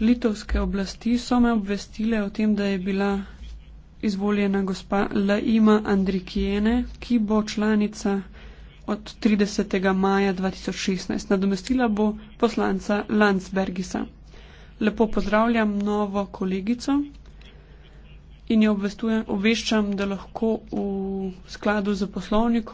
Litovske oblasti so me obvestile o tem, da je bila izvoljena gospa Laima Andrikijene, ki bo članica od 30. maja 2016. Nadomestila bo poslanca Landsbergisa. Lepo pozdravljam novo kolegico in jo obveščam, da lahko v skladu z poslovnikom.